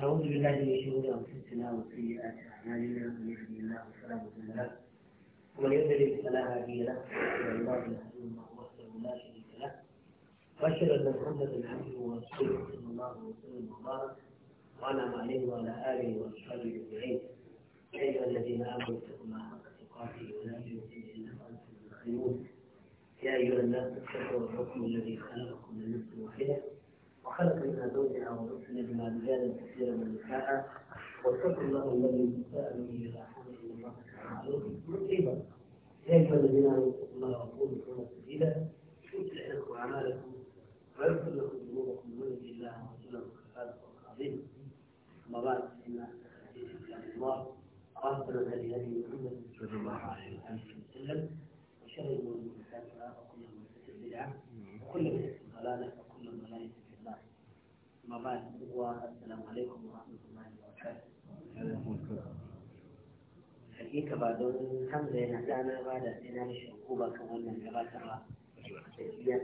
نعوذ بالله من شرور انفسنا وسيئات اعمالنا من يهده الله فلا مضل له ومن يضلل فلا هادي له واشهد ان لا اله الا الله وحده لا شريك له واشهد ان محمدا عبده ورسوله صلى الله وسلم وبارك وانعم عليه وعلى اله واصحابه اجمعين يا ايها الذين امنوا اتقوا الله حق تقاته ولا تموتن الا وانتم مسلمون يا ايها الناس اتقوا الحكم الذي خلقكم من نفس واحده وخلق منها زوجها وبث بها رجالا كثيرا ونساء واتقوا الله الذي تساءلون به الى ان الله تعالى عليكم رقيبا يا الذين امنوا اتقوا الله وقولوا قولا سديدا يصلح لكم اعمالكم ويغفر لكم ذنوبكم من يطع الله ورسوله فقد فاز عظيما اما بعد فان الحديث كلام الله واحسن هذه هذه محمد صلى الله عليه وسلم وشهد الامور محدثاتها وكل من محدثه بدعه وكل من بدعه ضلاله ما بعد السلام عليكم ورحمة الله وبركاته hakika ba don hamza yana dana ba da sai na mishi ba kan wannan gabatarwa da iya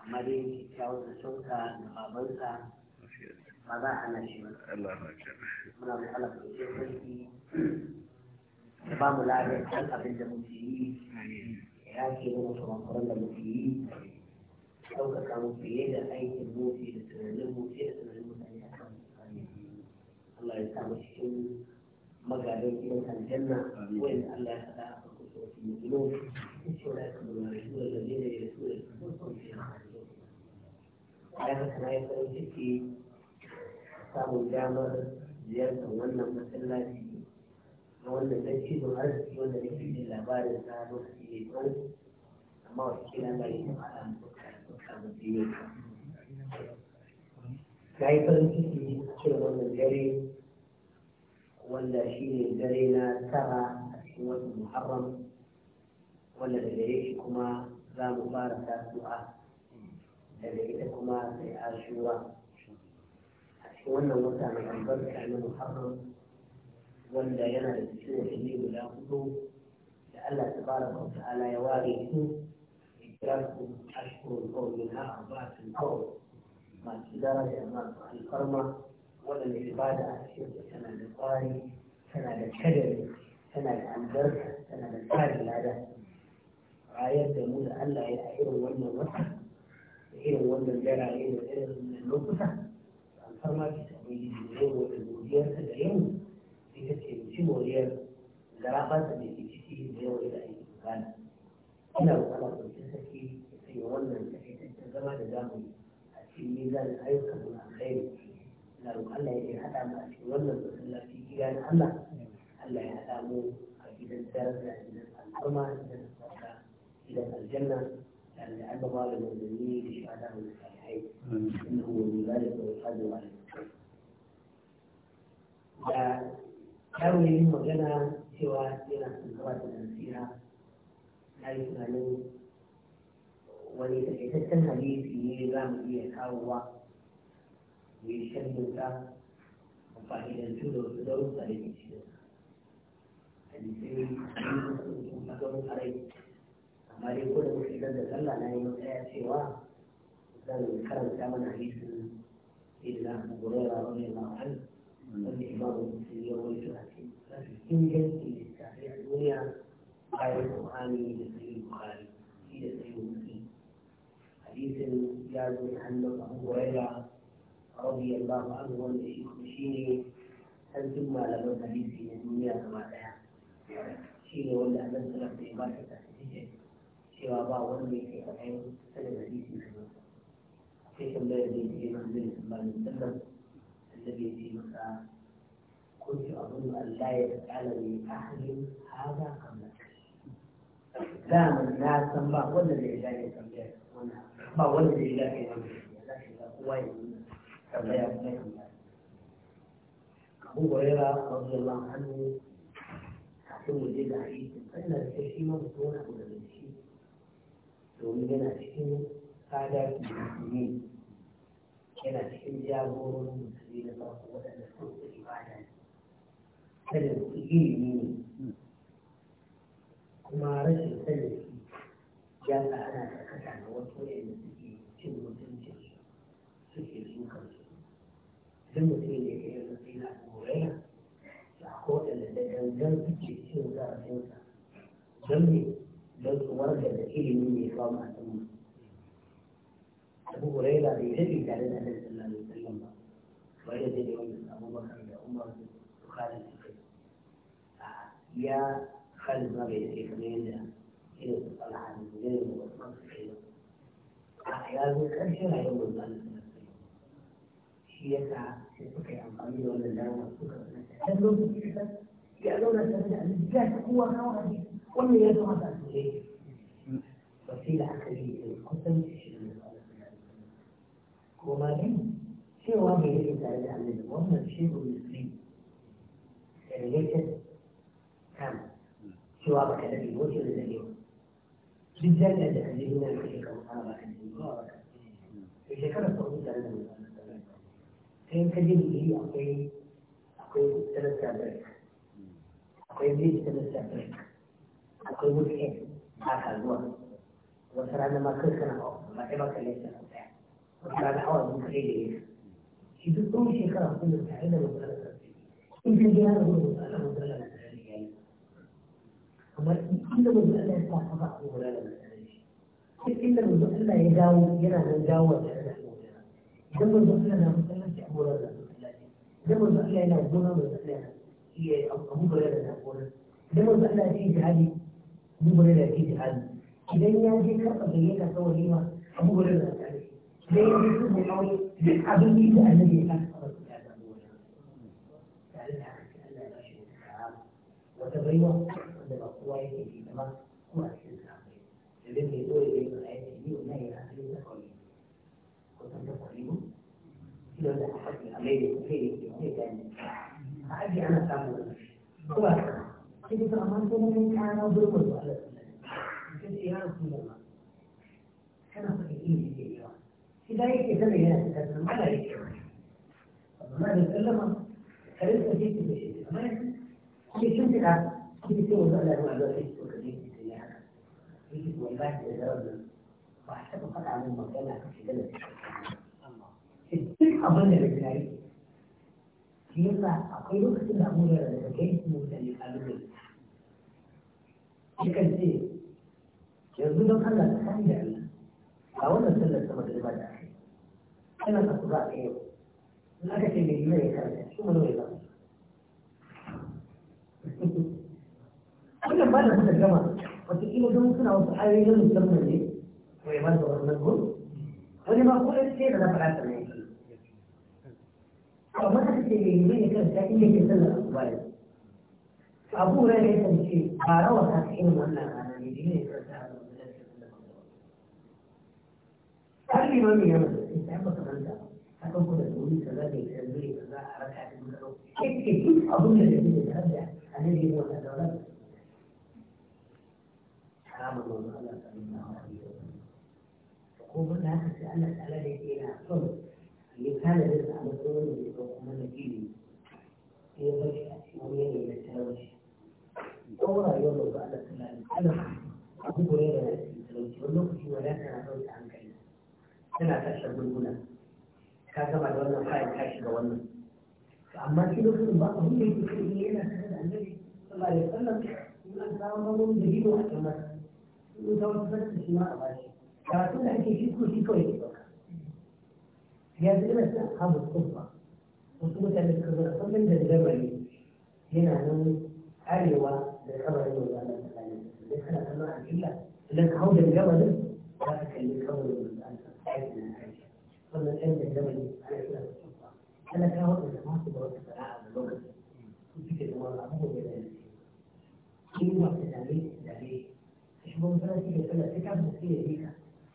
amma dai kyawun da sunka da babansa ba za a hana shi ba muna da alaƙa da sarki da ba mu lafiya kan abin da yi ya ke nuna kamakwaran da muke yi ɗaukaka mu fiye da aikin mu fiye da tunanin mu fiye da tunanin mutane a kan Allah ya sa mu cikin magadan gidan aljanna wanda Allah ya faɗa a farko sauti musulun cewa ya kama da rasu da zalle da ya rasu da sun fiye da ya haka na yi farin ciki samun damar ziyartar wannan masallaci na wannan dan cizon arziki wanda nake jin labarin sa lokaci mai tsawo amma wasu kila ba yi ta faɗa musu na yi farin ciki cewa wannan dare wanda shi ne dare na tara a cikin watan muharram wanda da gare shi kuma za mu fara tasu'a daga ita kuma sai ashura a cikin wannan wata mai albarka na muharram wanda yana da cikin watanni guda hudu da allah ta fara ala ya ware su ثلاثة أشهر أو منها أربعة أو مع التجارة مع القرمة ولم العبادة أشهر سنة للقاري سنة للحجر سنة للأنبر سنة للحاج العادة عايز يقول ألا يأير ولا وسط يأير ولا الجارة يأير من اللوكسة القرمة في تأويل الجنوب والمدير تدعين في تسعين شمولير جرافة في تسعين إلى أي مكان ce wannan takaitaccen zama da zamu a cikin mizanin ayyukan mu alkhairi na Allah ya haɗa mu a cikin wannan masallaci gida na Allah Allah ya haɗa mu a gidan daraja gidan al'umma gidan sauka gidan aljanna يعني لعل بعض المؤمنين لشهداء الصالحين انه من ذلك ويقدر عليه da kyawun yin magana cewa yana son gabatar da nasiha na yi tunanin wani takaitaccen hadisi ne za mu iya kawowa mu shan shannunta a fa'idantu su wasu darussa da ke cikin hadisai sun kaga mun amma dai ko da muka idan da sallah na yi matsaya cewa zan karanta mana hadisin illa abu rera wani ma'an wanda imamu musulun ya wani tunani ingancin littafi a duniya bayan ƙwani da su حديث جاز عن ابو رضي الله عنه عن الشيخ هل ثم لم الحديث في الدنيا كما تها شيني ولا من سلف في باكي تحديث شيرا با في قرحين سلف الحديث في كيف الله في منزل سبحانه الذي في مكة كنت أظن أن لا يتعلم أحد هذا قبلك لا لا سمع ولا لا ba wanda ya lafi wani kowa ya yi tambaya kuma ya yi abu gwarera wajen ban hannu kafin mu je da hadisi sannan da shi ma mu tona mu daga shi domin yana cikin sadar musulmi yana cikin jagororin musulmi na farko waɗanda sun su ibada ne sanin su ilimi ne kuma rashin sanin ya sa ana karkata da wasu wayanda suke cin mutunci suke sukan su duk mutum da ya yi sai na goraya da kowane da gangan suke cin zarafinsa don ne don su warga da ilimi mai kawo masu mu abu huraira bai daɗe tare da annabi sallallahu alaihi wasallam ba bai da daɗe wannan abubakar da umar su kare su kai ya kalma bai daɗe kamar yadda ya zo ƙarshen rayuwar malam shi ya sa sai suka yi amfani da wannan dama suka ɗan lokaci da ya zauna tare da annabi ya ta kowa kawo hadisi wannan ya zama da soyayya wasila aka yi da kusanci shi da kuma dai cewa bai yake tare da annabi wannan shi ne muslim da related term cewa baka dade wace da dade بالدلالة اللي هنا عليك مباركة إذا كانت موجودة إيه؟ عندنا مباركة فيمكن لي أقول أقول تمتع بك أقول لي تمتع بك أقول ملحد معك الوقت وصار أنا ما كنت أنا ما تبقى ليس وصار أنا أول ممكن لي إذا كل شيء كان أقول لك هذا مباركة يمكن لي هذا مباركة amma inda manzo Allah ya sa ka ba abu wala da duk inda manzo Allah ya dawo yana nan dawo da yana idan manzo Allah na masallaci abu wala da idan manzo Allah yana gona manzo Allah yana iya abu wala da gona idan manzo Allah ya yi jihadi abu wala da ya jihadi idan ya je karɓa gayyata ta walima abu wala da ta yi idan ya je su mai aure duk abin da annabi ya sa وتبريوه kowa yake yi zama kuma a cikin sahabbai domin mai dole da yin aiki yau na yi asali ta kwari kusan ta kwari mu kilo da a haɗe a mai da kuma yi ke mai gani a haɗe ana samun wani ko ba ka sai kusa amma sai na mai kana burkul da Allah sun ce ya rasu da ma kana faɗin ilimi da yawa shi da yake sanar yana cikin sanar mala yake wani amma da sallama karin sa ce ce da shi amma ya sun ce da kuma sai wani ala ma zuwa sai suka je su yi haka yake wallahi da zarar da ba a taɓa faɗa min magana ka shiga da duk abin da daga yare shi yasa akwai lokacin da amuriyar da ta kai su mutane kalubale yakan ce yanzu don Allah eh, ta kan da Allah a wannan sallar da ba da ana ka su ba a yau in aka ce yi mai karanta shi mana mai labarin suka gama wataƙila don suna wasu ayoyi na musamman ne ko ya ba da wannan gudu wani ma ko ɗan ce da na faɗa sannan yake amma ta ce mai yi ne kanta in yake sallar asuba ne abu rai ne kan ce ba rawa ta ta irin wannan rana ne ne ne kanta a zamanin sallar asuba har limamin yana da sai ta yi makaranta akan kuma da wuri kaza da ya zure kaza a raka da muka ɗauki. Ake duk abin da da ke da daraja a nan ne wanda da wani kama manzo Allah sallallahu alaihi wasallam ko ba da haka sai Allah ta'ala da yake yana son ya kana da sa a matsayin da ya kuma na fili ya bar shi a cikin yanayi na talauci don rayuwar manzo Allah sallallahu alaihi wasallam abu gore da ya talauci wani lokaci wadata na ɗauke hankali tana tashar gurguna ka gama da wannan fayil ka shiga wannan amma shi lokacin ba abin da yake yana tare da annabi sallallahu alaihi wasallam in an samu da a cikin in ta ma a bashi karatun da ake shi ko shi kawai ke ɗauka ya zai irin sun kuma wasu mutane suka zo da da yana nan arewa da kabarin da zuwa nan tsakanin da kana kallon alƙilla idan ka hau da gabarin za ka kalli kabarin da zuwa nan tsakanin wannan da dabari ana da kuma ana kawo da ba su da wata sana'a da lokacin su suke zama abubuwa da yanzu. Kin shigo masallaci ya da sai ka fi sai ya yi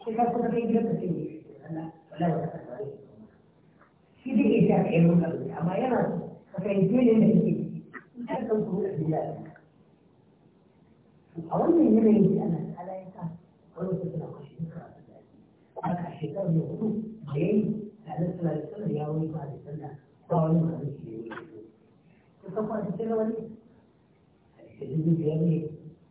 ka ka kuma kai gidanka sai ya yi Allah wallahi ba ka tsare shi dai ya sha kai mun kalli amma yana ka kai dole ne yake ka san ku da biya a wannan yanayin da Allah ta'ala ya sa wani su suna kwashe su karatu da shi aka shekaru ne hudu da ya yi da Allah sallallahu alaihi wasallam ya wani ba da sallah ba wani ba da shi ya yi kusan kwanci sai wani a cikin biyar ne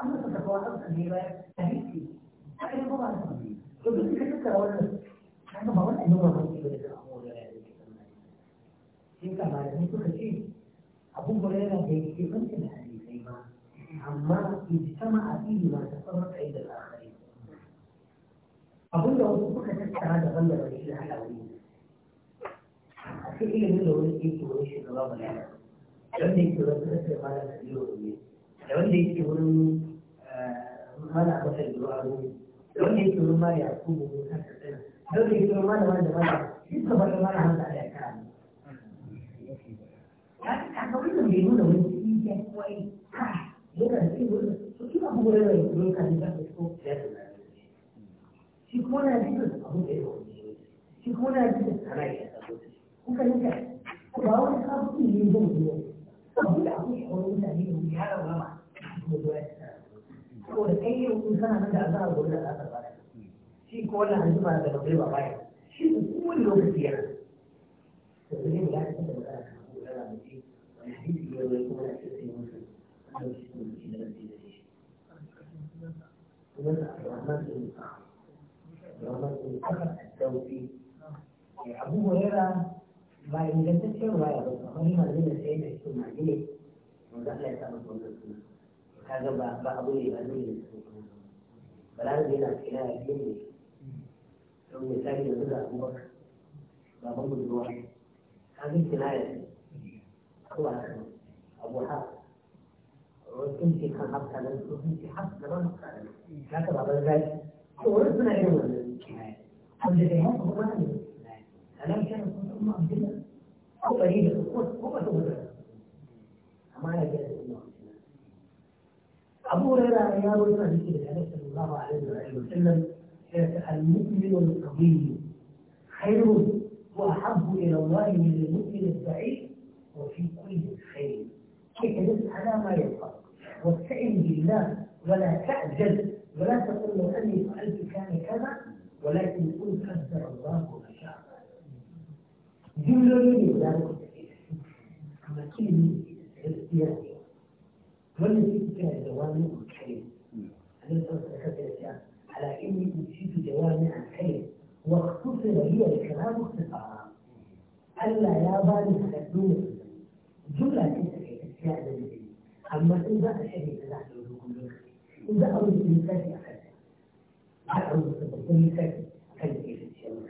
amma su tafi wata su ne bayan tarihi haka ne kuma ba su ne to duk da suka wannan haka ba wannan yawan wani ne da abu da ya yi shi ka ba da suka ce abun gure yana da yake ban da hadisai ba amma ijtama a fili ba ta fara kai da akhari abun da wasu suka tattara da bangaren shi halawi a cikin ilimin da wani ke wani shugaba ba ne da wanda yake wurin mana masa yiwuwa da wanda yake wurin mana ya kuma wurin kasa tsina da wanda yake wurin mana wanda mana duk gaba da mana hannu a da kara a kawai da mai nuna wani cikin ya kwai ha yana da cikin wurin su kina kuma rana ya kuma kan da su ya da shi kuma na jikin abu da ya shi kuma na jikin sana ya da kuka nika ba wani kafin yin zan zuwa abu da abu ya wani mutane da ya rama saboda kai yau in kana nan da azaba gobe da azaba ba shi ko wannan an da gobe ba baya shi lokaci yana ya da kan da wani eh, ya da هذا بعض يبنيه فالآن هنا إلى مني لو مثال يقول أبو بكر بابا الدوار هذه كناية هو أبو حافظ وتمشي كان حتى لو تمشي حتى لو كاتب على ذلك وربنا يوم الكناية الحمد لله هو ألم كان ثم أمثلة أو قليل هو هو أما أنا جالس أبو هريرة أيام الله صلى الله عليه وسلم المؤمن القوي خير وأحب إلى الله من المؤمن الضعيف وفي كل خير اجلس على ما يبقى واستعن بالله ولا تعجل ولا تقل لو أني فعلت كان كذا ولكن قل قدر الله ما شاء جملة من ذلك أما كلمة wannan shi جوامع الخير؟ jawami a kai على اني اوتيت جوامع الخير واختصر لي الكلام اختصارا الا يا بالي تكدون جمله تنتهي اشياء لدي اما ان ذا الشيء فنحن نقول ان ذا اول مثال اخذت اعود مثال اخذت في الشيء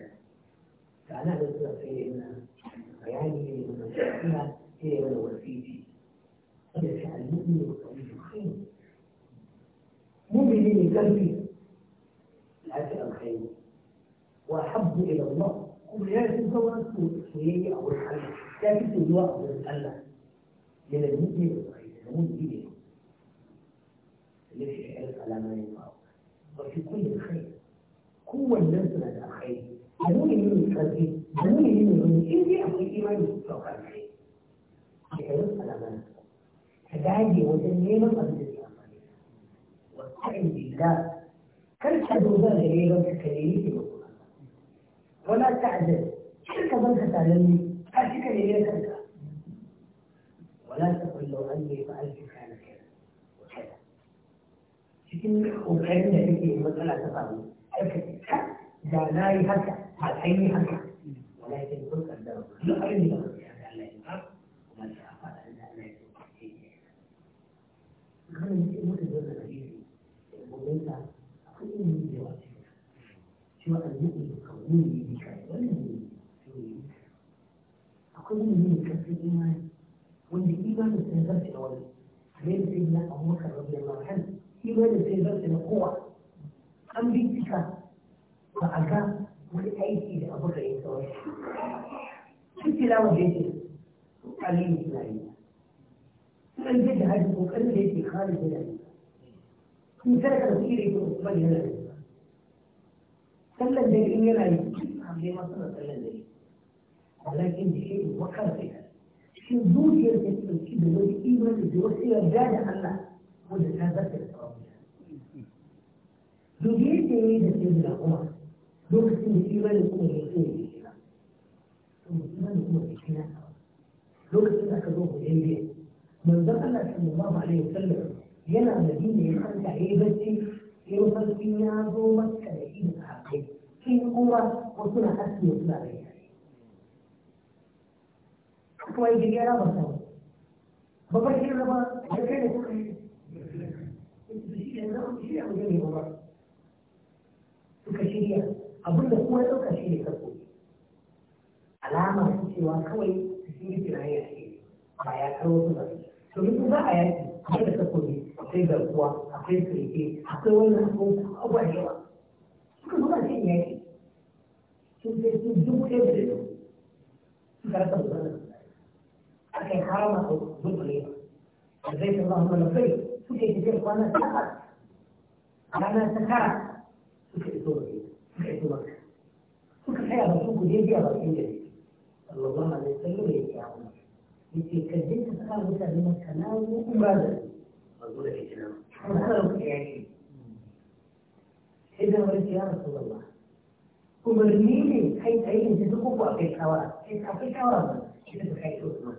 فانا اقول في بياني لمن فيها هي من وفيتي مو بدين قلبي العشاء الخير واحب الى الله كل هذا سواء الشيء او الحل لكن في الواقع من المؤمن المؤمن اليه الذي يحرص على ما ينفعه وفي كل الخير قوة الناس على الخير منوي من قلبي منوي من عندي اخي ايمان يتوقع الخير يحرص على ما ينفعه ka dage wajen neman abin da zai wasu wasta'in billah kar ka dogara da neman ka ka nemi taimako wala ta'addad kar ka banka ne ka shi ka nemi kanka ولا تقل لو أني فعلت كان كذا kai cikin ƙoƙarin da kake matsala ta samu aikata ka da na yi haka a ainihin haka walakin kun kaddara duk abin da kana yi mata da zaka shi gobe ta akwai yin da yawa shi wa annabi ka wuni ne ka yi ne akwai yin ne ka imani wanda imanin sai zarce da wani kamar sai na abubakar radiyallahu anhu imanin sai zarce da kowa an bincika ba a ga wani aiki da abu da ya kawai shi tilawar da yake aliyu na من جد هذه وكان ليس خارج هنا من سنة تفكيري في أسبانيا هنا سلم دليل يلا يمكن لما صنع سلم دليل ولكن شيء وكر فيها شيء دور يلتزم شيء دور إيمان دور إرجاع الله وده هذا الأمر دوجيت يريد سيدنا عمر lokacin da imanin kuma ya zo ne to imanin kuma ya kina lokacin da aka zo hudaybiya من دخل صلى الله عليه وسلم جنا مدينة يمان كعيبة يوصل في نياغو مكة لئين أحقه في قوة وصنع أسل يطلع بيها أكوى يجي على مصر بابا يجي لما يكين كشيرية أبو الله هو لو كشيرية كبير علامة في سواء كوي تسيري في العيشة بايا كروز مصر domin su za a yaki akwai da akwai garkuwa akwai kirke akwai da yawa suka zo ba cikin yaki sun sai sun duk da yau su yi harama a zubure da zai Allah kai yi kwana ta ta suka iso ba suka iso suka kai a kuje biya ba su yi da Allah ba ma zai tsaye da ya ce a kuma. كجنة خالصة من السماء ومبادرة إذا ورد يا رسول الله أمرنيني حيث أين تتقف في الحوار حيث في الحوار إذا بحيث أسمع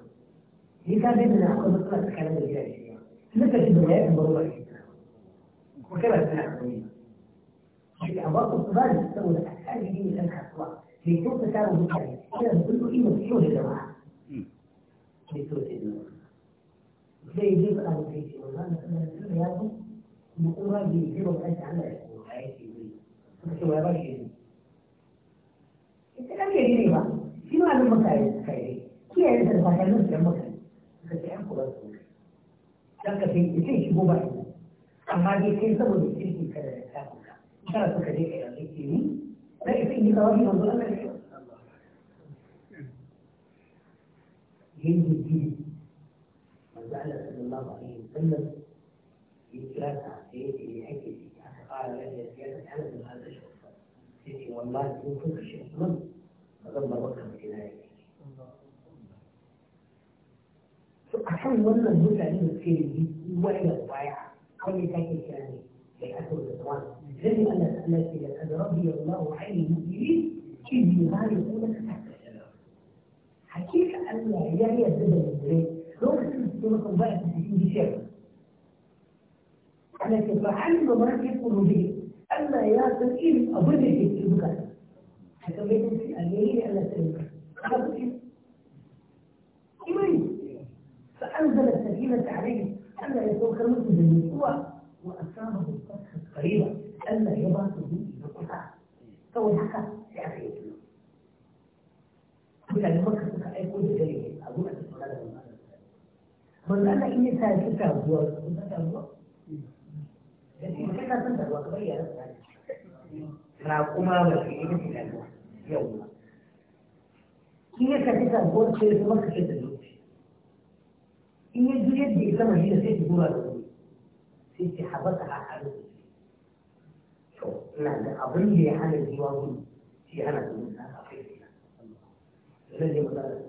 إذا كانت من أخذ أطلع تخلم الجاهلية لك تبنى يأتي بروح الإسلام وكما تبنى أبواق الصباح تستمر أحسان الدين لأنها أطلع لتوقف تارو بكاري إذا بتقول إيه مكتور الجماعة ke so ta yi zai yi ba abu kai ce ba za mu sanar da ya zo mu kuma bai yi ba kan Allah ya ko ya ce zai kuma ce wai ba shi ne ita kan yi ne ba shi ma nan maka yi kai ne kiyaye da ba nan da maka ka ce an shi ba amma kai saboda kirki kada da ka je ka yi ka هند الدين وجعل اسم الله عليه وسلم يتلاسع في حكمه حتى قال لن يتلاسع حلف من هذا الشخص سيدي والله ان كنت شيخ من فضم ركب الى يديك الحمد لله هو تعليم السيدي وحي الطبيعة كل ذلك الكلام في حسن الإخوان لازم أن أسألك إلى أن ربي الله عليه وسلم في هذه الأولى تحت حكيت ان هي هي الدبل الجري لوكسن سيمكم بقى في الدين دي شيء انا كنت ما يكون به اما يا تقيل ابيدي في البكر حتى بيتم في الليل الا تقيل فانزل السكينة عليه ان يكون خلص من القوة وأسامة القصة القريبة ان يبعث به الى القطع فهو في أخيه. aiko da dare a zuwa cikin kula da manzo manzo Allah in ya sa shi ta ruwa kun ta ruwa dan in kana san da ruwa kamar yaran sa ra kuma ba shi ne shi da ruwa yau in ya sa shi ta ruwa sai kuma ka ce da lokaci in ya jure da ita mai da sai ki gura da ruwa sai ki habata a halu to ina da abin da ya hana jiwa gudu shi hana gudu na kafai kenan zai je magana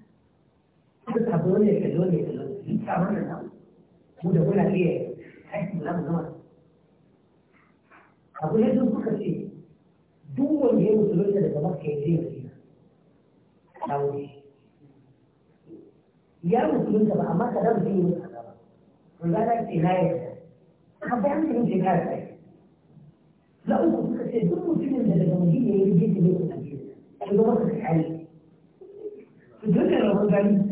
duk a zo ne kallo ne kallo duk a wannan nan mu da muna iya aiki na mu zama abu ne sun suka ce duk wanda ya musulunta daga makka ya je madina a wuri ya musulunta ba amma kadan zai yi musu ba ruga ta ce na yarda ka bayan da yake kare kai na uku suka ce duk mutumin da daga madina ya je da ne ku na biyu ya zo maka kai su duk da rabon gani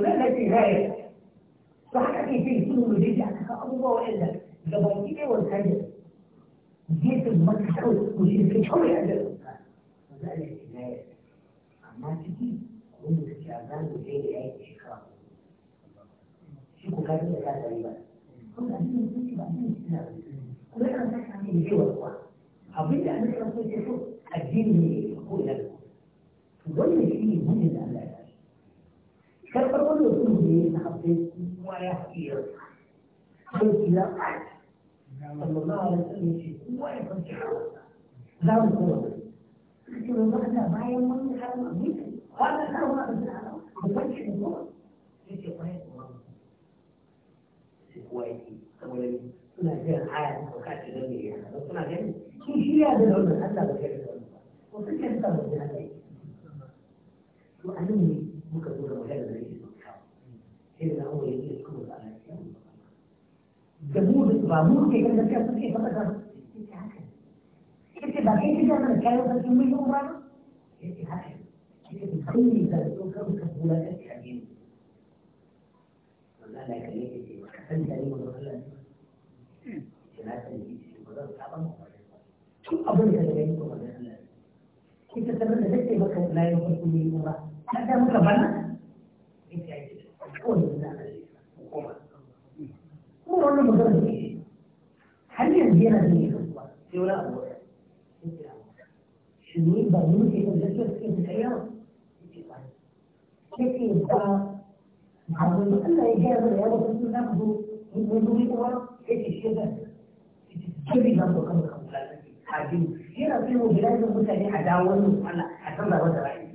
ولا في غاية صح في في كل جديد الله وإلا جبرتيني والحجر جيت المسح وجيت في شوية عجل وذلك غاية أما تجي أقول لك شعبان وجاي كل شيء شكو كان كل شيء كنت أجيب كل شيء كتاب ولا كل شيء عن الجوع كل شيء أنا أقول كل شيء يقول لك كل شيء شيء الأملاك karɓar wanda su ne ya haɗe kuma ya haɗe ya sai ya ƙaƙi sallallahu alaihi wasallam ce kuma ya san shi za mu kuma suke ba ana bayan mun har mu ne wannan har ma da ta mu san shi kuma yake bayan kuma kuwa yake saboda suna jin aya ko ka ci da ne ya suna ganin shi shi ya da wannan Allah ba ya da wannan ko suke da wannan Allah to anan ne ممكن تقول له هذا ليس صحيح هنا هو يجي يقول على الكلام جمود رامون كيف أنك تقول كيف أنك تقول كيف أنك تقول كيف أنك تقول كيف أنك تقول كيف أنك تقول كيف أنك تقول كيف أنك تقول كيف انا تقول انا لا انا وكفنت kita sanar da dake baka na yau farko ne ba har da muka bana ita yi kawai da na kuma wannan magana ne har yanzu yana da ne kasuwa sai wani abu shi ne ba mu ne Allah ya gaya mana ya wasu sun zaku zo mun zo ne kuma yake ba ko a biyu yana so yau gidajen mutane a dawo wannan Allah a canza masa ra'ayi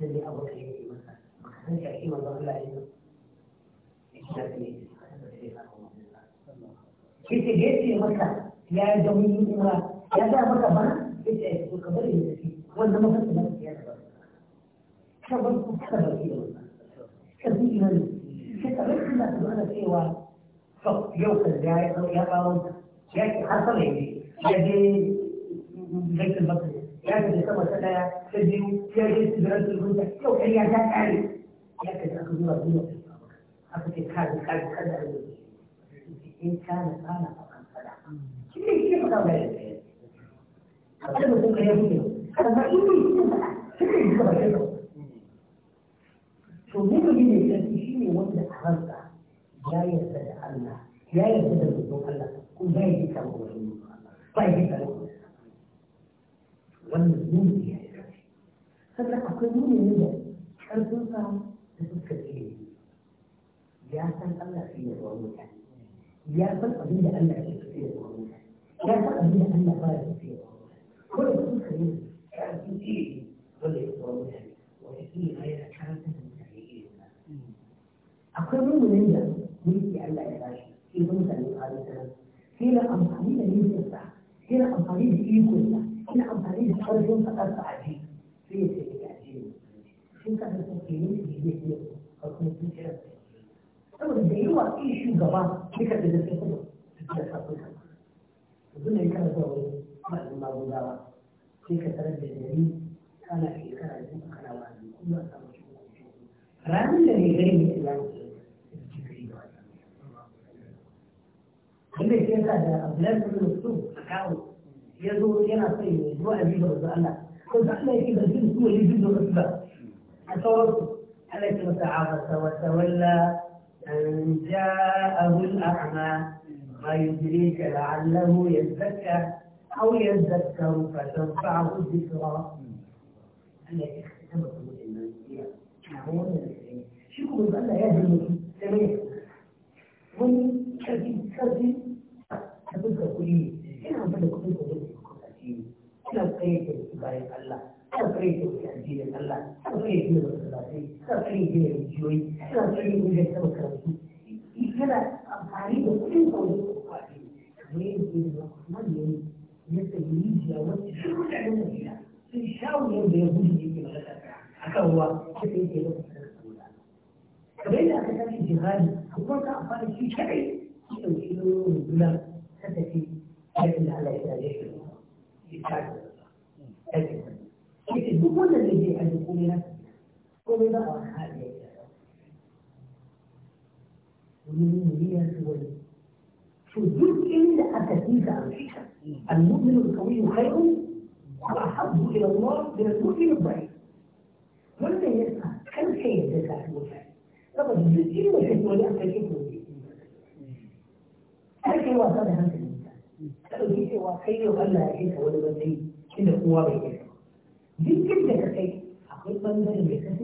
da ne abokan yake masa baka san shi a kiwon zan Allah ya yi ya ce da yake masa ya yi don yi umra ya ga maka ba ya ce ko ka bari ya tafi wanda maka su ba ya ta ba ka bar ku ka bar ki da wannan ka bi imani sai ka bar ki na su ana cewa yau ka ya ya kawo ya ki har sama ya ya je gaikin bakar ya je sama ta daya ta biyu ya je tsibirar ta yau kai ya ta kare ya kai aka zuwa duniya aka ce kare kare kada a yi in kana tsana a kan fada shi ne shi ne faɗa wa yadda a kan mutum ka yi mutum kada ma in yi shi faɗa shi ne shi faɗa yadda to ne mu yi ne sarki shi ne wanda a ransa ya yarda da Allah ya yarda da mutum Allah kuma ya yi kama wani ba yi da wannan nuni ya yi sannan akwai nuni ne da ƙarfin sa da fuskar ilimi ya san Allah shi ne ruwan ya san abin da Allah ke ruwan ya san abin da Allah ba da fi da ruwan mutane ko da fuskar ne ƙarfin ilimi wanda ya ruwan mutane wata ilimi ma yana karanta da mutane akwai nuni ne da mulki Allah ya bashi shi mutane ba da sai na amfani da nufinsa هنا أمطاني ايه كلها هنا أمطاني بحاول يوم فقط بعدين في سيدي عجيب شو كان المسلمين في جديد في كنت مشرف أول ده هو أي شيء جبار لك تدرس كله تدرس كله الدنيا كان دور ما ما بدأ لك ترد الجديد أنا في كان عجيب كان عجيب كل ما سمعت رامي اللي غيري الإسلام لما يصير ان أبلاد من الأسلوب kyawu ya zo yana son ya zuwa a jiba da Allah ko da Allah yake da jin kuma yin jin da ba a sauransu Allah ya masa abasa wa tawalla an ja'ahu al-a'ma ma yudrika la'allahu yazakka aw yazakkaru fa tanfa'ahu dhikra Allah ya kama mutum nan ya kawo ne shi kuma Allah ya ji mutum sai wani karfi karfi a duka kuɗi ana ba da yake kuɗa asiri tsaye da su bayan Allah ana tsaye da su addinin Allah ana tsaye da su tsaye da rijiyoyi ana tsaye da su makarantu kana amfani da kuɗin da wani kuɗa kamar yadda zama ne rijiya wacce shi mutanen Madina sun shawo da ya gudu yake mallaka a kan ruwa sai yake da kamar yadda aka tashi jihadi kuma ka amfani shi kaɗai shi ɗauki rundunar ta tafi لكن على إسرائيل لكن دون الذي أن يقول لنا قل بقى هذه ومن هي سوى شو جزء إلا أتتيك عن المؤمن القوي خير وأحب إلى الله من المؤمن الضعيف ماذا يسعى كم شيء يدفع المفعل طبعا الجزء إلا الحكمة لأتتيك هل في وقتها ka ɗauki cewa kai yau Allah ya kai ka wani matsayi inda kowa bai ka kai akwai ɓangare mai kasi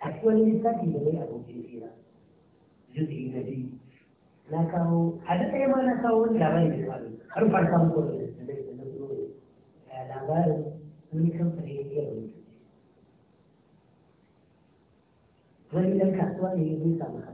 akwai da a cikin wani lissafi da mai na biyu na kawo a da kawo wani labarin da har da na labarin ya yi rubuta wani ɗan kasuwa ne ya zo samu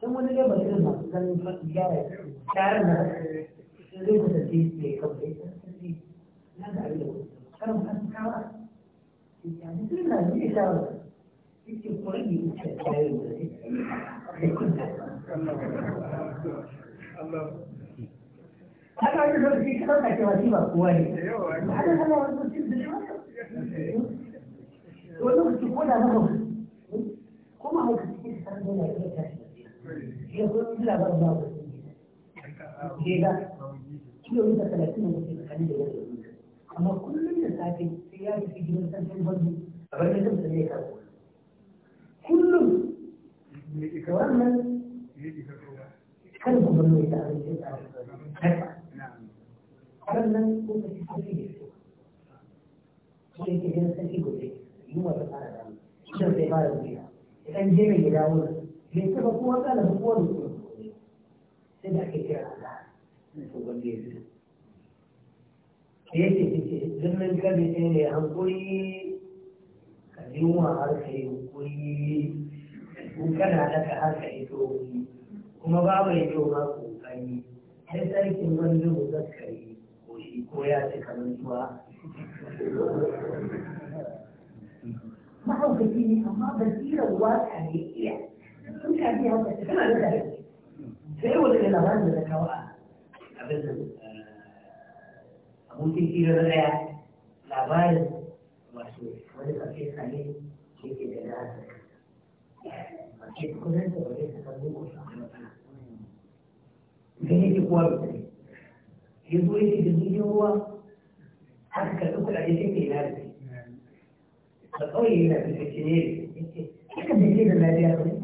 don wani gaba da masu ganin masu gyara tsarin da zai kasance mai kawai na ga abin da karin kan kawa yanzu sun na zai shawar yake kwarar da yake tsarin da zai haka wani zai shi kasar da kewa ba kowa ne haka zama wani zai shi zai wani lokaci ko da na hau ko ma sanar da na iya tashi ya zo ji labarin ba ku ke ga kilomita talatin da ke tsakanin da yadda amma kullum da safe sai ya tafi gidan sarkin bandu a bayan da mutane ya kawo kullum wannan kan ku bano ya abinci a wannan ko ka ci sarki ne ko yake gidan sarki gobe yunwa ta fara damu shi sai fara wuya idan je mai gida wurin bai taɓa kowa ɗalibin kowa da kowa sai da ake kira Allah kabe ka har kana ka kuma babu ya kokari sarkin wani zubu ko ya ce zuwa mahaukaci ne amma basirar waka ne iya sun ka biya wata ta kana da sai wani da labarin da ta kawo a abin nan abokin hira na daya labarin wato wani kafin sane ke ke da na mace kunan da wani ta kan zuwa a matsala gani ke kowa da ne ya zo yake da jirgin ruwa aka karɓi kuɗaɗe sai ke yana da kai a ƙauye yana da kai ne yake aka da ke da lafiya kuma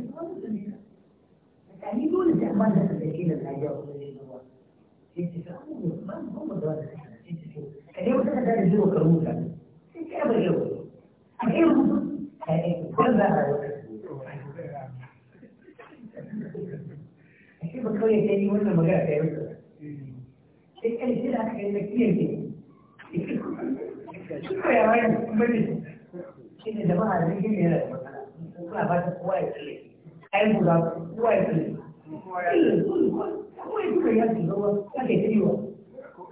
yani dole sai da da da ce ko ne ko ce a kai mu kai kan da ka da aka yi ne kuma ne shi ne da zai ne da kuma ba ta kowa ya tsaye ai guda kowa ya fi kowa ya fi ya fi zama ya ke fi wa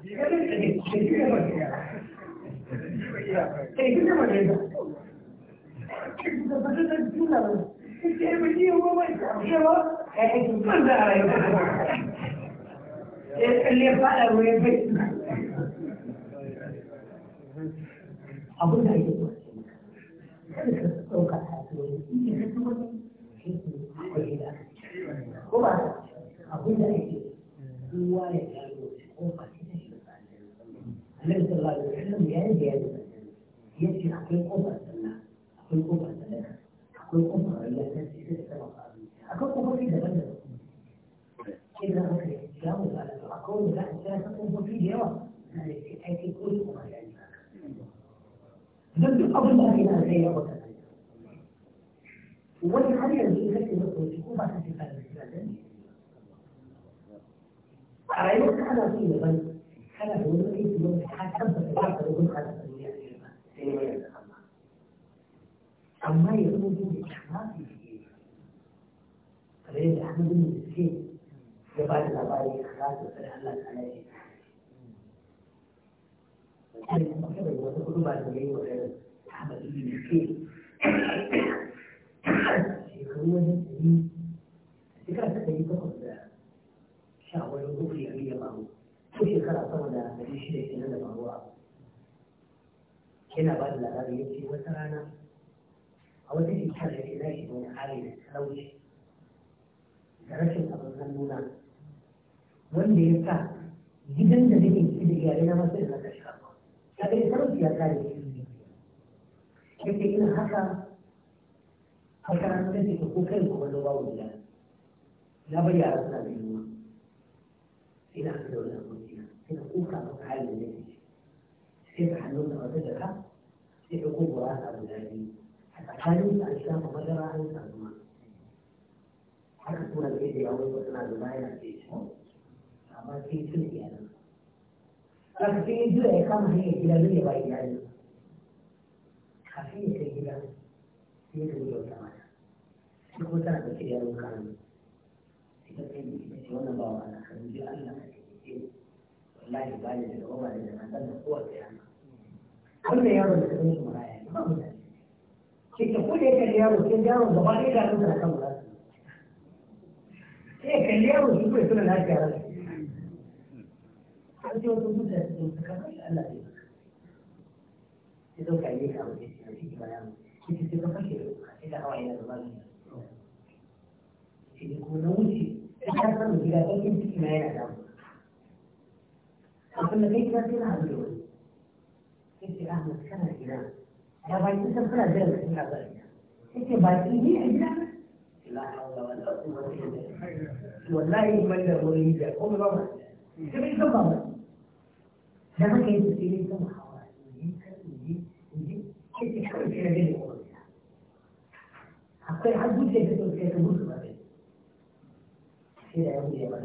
ya ke fi ya fi ya ke fi ya fi ya da ba ta juna ba ke ba ji yawa ba ya ba ya ke ban da a rayuwa ya tsalle fada ruwa ya bai abin da ake ba ko ba abin da ake kowa ya gano ko ba shi ne shi annabi sallallahu alaihi wasallam ya yi bayani ya ce akwai kofar sallah akwai kofar sadaka akwai kofar Allah ta ce ta sama akwai kofofi daban-daban sai da aka yi ya mu ba da akwai wanda za a kira ta kofofi da yawa na da ke aiki ko su kuma ya yi don duk abin da ake na zai yawa ta wani har yanzu ya ce masa wasu ko ba ta ce ta a rayuwar ka ana so daban kana da wani aiki wanda ka tabbata ba ka da wani hada duniya ne ba sai ne wani amma amma ya zama jin da kama su yi kamar yadda ahmadu ne da ke ya ba da labari ya kasa da tsari Allah ta alaƙi wani kuma kada wani kudu ba da yayi wa ɗaya ahmadu ne da ke shekaru wani shekara sama da ɗari shida kenan da faruwa yana ba da labari ya ce wata rana a wata shekara da ke na shiga wani hali da talauci da rashin abin hannuna wanda ya sa gidan da nake ciki da iyalai na masu da na kashe ba ta ga talauci ya kare shi yake ina haka haka rana ta ce ko kai ko wani babu gida na bari a rasa da yiwuwa ina haka da wani abu sai ka kuka masa halin da yake sai ka hannun da wata jaka sai ka kuka wa ta guda biyu a tsakanin su an shafa madara an sa zuma haka suna da yadda yawon wasu na zuma yana ce shi amma sai tun iyalan haka sai ya jira ya kama hanyar gida zai ba iyalin kafin ya kai gida sai ya kai wata mata sai kuma tana da ke yaron kanu sai ta kai da ita ce wannan bawa ana kan ji Allah ka ke wallahi ba ne da ba ne da nan da kowa wannan da ba mu da shi ke da yaro yaro gaba ɗaya da kan ba kan yaro suna lafiya wasu mutane sun Allah ne zo ka yi ka shi ka ka da hawa yana da ba ne na wuce ta gida ɗaukin ciki na yana damu आपण लगेच जातील हल्लो तिला लक्षात राहिला या बाईचं सगळं हजर लक्षात राहिला ते बाईकी ही ऐकणार wallahi ban da wurin da ko ba ba sai bai san ba ba da haka yake sai bai san hawa ne kai ne ne ke ke kan da ne ko akwai hajji da ke so sai ka mutu ba sai da yau ne ba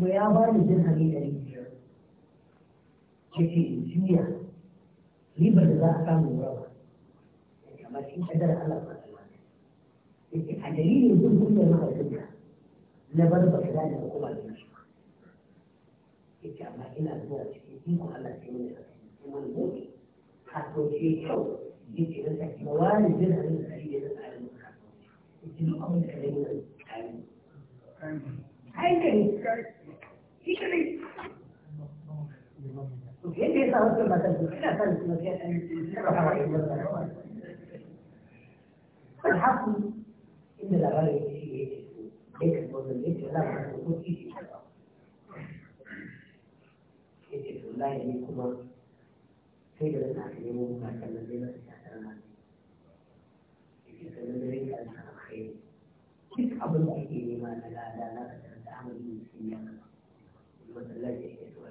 kuma ya ba ni dirhami ɗari biyar ya ce in juya ribar da za a samu raba amma shi kadar Allah ba ta ya ce a dalilin gudun da mahaifinka na bar ba ka gane hukuma da shi ya ce amma ina zuwa cikin ikon Allah sai mun da kuma gobe ka kauce kyau ya ce na sake wani dirhami da shi ya zama a yanzu ka kauce ya ce duk abin da ka yi na tsari. Aika ne. ठीक है नहीं ये ऐसा होता मतलब दूसरा था इसमें क्या فالحاصل ان الاغلب هيك الموظفين لا يعرفون كيف يجب لا يعني كبر في جلسة اليوم ما كان لدينا في كيف أبو الأيدي ما لا لا لا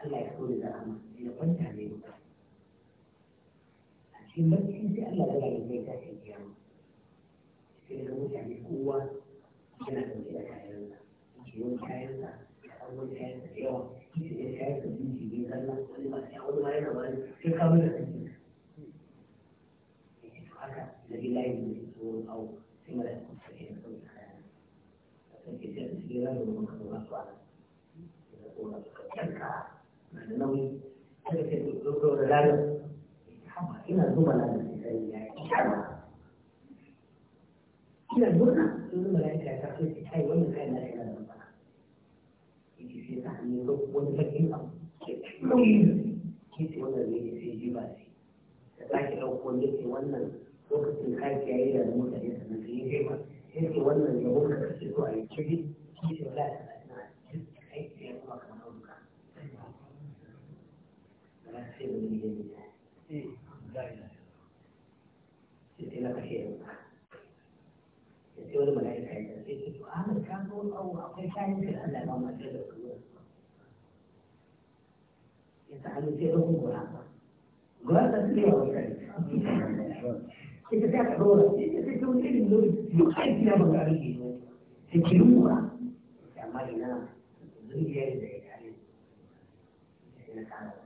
Allah ya za da rahama ya kwanta ne a cikin barci sai Allah ya yi mai tashin kiyama sai ga mutane kowa yana ɗauke da kayansa ke kayan kayansa a wani kayansa da yawa shi da kayansa biyu ne zalla wani ba ya wani ma yana wani sai ka mana haka da ilahi ne su sai mara da kayan a ke sai da shi ya zama da kawo da da nauyi kada ka yi tsoro da lalata ina zuba lalata sai ya yi kyama ina murna sun zuba lalata ya kafin ce kai wannan kayan da yana zuba yake sai ta hanyar wani bakin abu nauyi ke ce wannan ne sai ji ba sai da za ki ɗauko ke wannan lokacin kaki ya yi da mutane sannan sai ya kai ba yake wannan ya wuka kashe zuwa ya cire shi ne lalata sai da wani yanzu eh. sai sai na kashe yanzu sai sai wani mala'ika ya sai ce eh, to ahmad ka zo tsawo akwai kayan ka da allah ba ma sai da kuma ya sa hannu sai ɗaukun gura gura ta su yawa wani ita ta ka dora ita ta ta wani irin lori duk aiki na magana rike sai ki lura amma ina zuriyar da ya kare na kara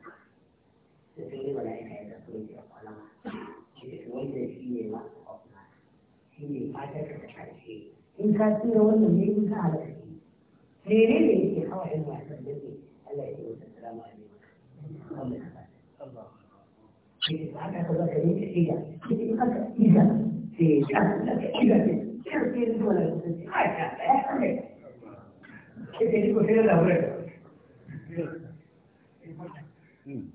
da sun yi mala'ika ya zaso ya kwalama wannan shi ne ma ta ne ta ta ta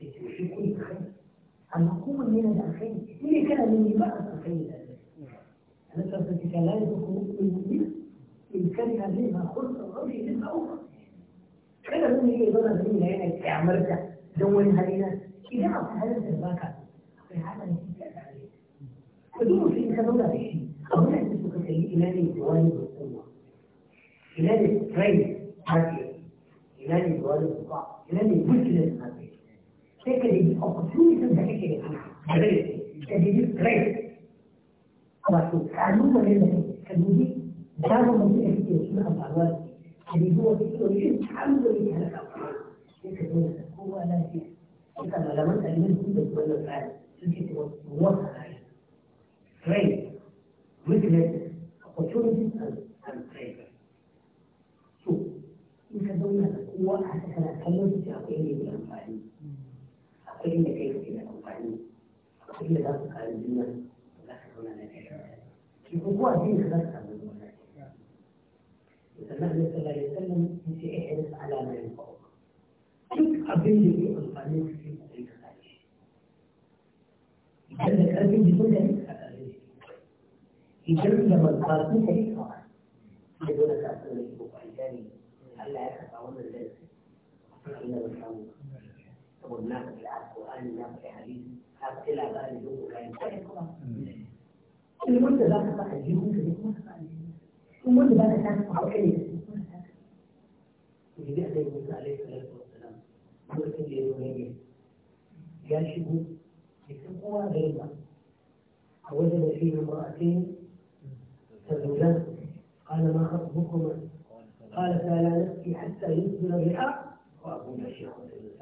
في كل خير أما قوم من الخير إيه كان من يبقى الخير نفسك لا يدخل المؤمن إن كره منها خلق الرجل للأخرى كان من إيه ظن في لا يعملك دون هلينا إذا أعطى هذا الزباكة أخي هذا نتيجة عليه ودون في إنسان ولا في شيء أولا نفسك في إيمان الجوانب والقوة إيمان الترين هذه إيمان الجوانب والقوة إيمان المشكلة هذه sai ka nemi opportunities da kake da su da ka ne strength wato kalubale da ka nemi damar mutum da kake da su a faruwa ka nemi wasu solution kalubale da ka kafa sai ka zo da kowa lafiya sai ka malaman kalibin sun da wannan tsari sun ce wasu wasu tsari strength weakness opportunity, and, and strength so in ka zauna kowa a haka kana da su ne أين كيف إلى أفعالي أين لا أفعال الجنة لا تكون أنا كيف هو دين لا تكون النبي صلى الله عليه وسلم أنت احرص على ما ينفعك duk abin da ke amfani da shi a yi kashi idan da ƙarfin jikin da ne a idan da masu ka yi kawa da dole ka sanar da ko kwanta ne Allah ya karɓa wannan zai Allah ya samu na ka fi alƙur'ani na ka fi hadisi ka fi labarin don kuka yi kwaye kuma ilimin da za ka saka jihun ka ne kuma ka sani in wanda ba ka saka hauka ne ka sani kuma ka saka ne da yi musa alaihi salatu wasalam lokacin da ya zo ne ya shigo ya san kowa da yamma a wajen da shi ne ma'atin تزوجان قال ما خطبكما قال فلا نبكي حتى ينزل الرئاء وابونا شيخ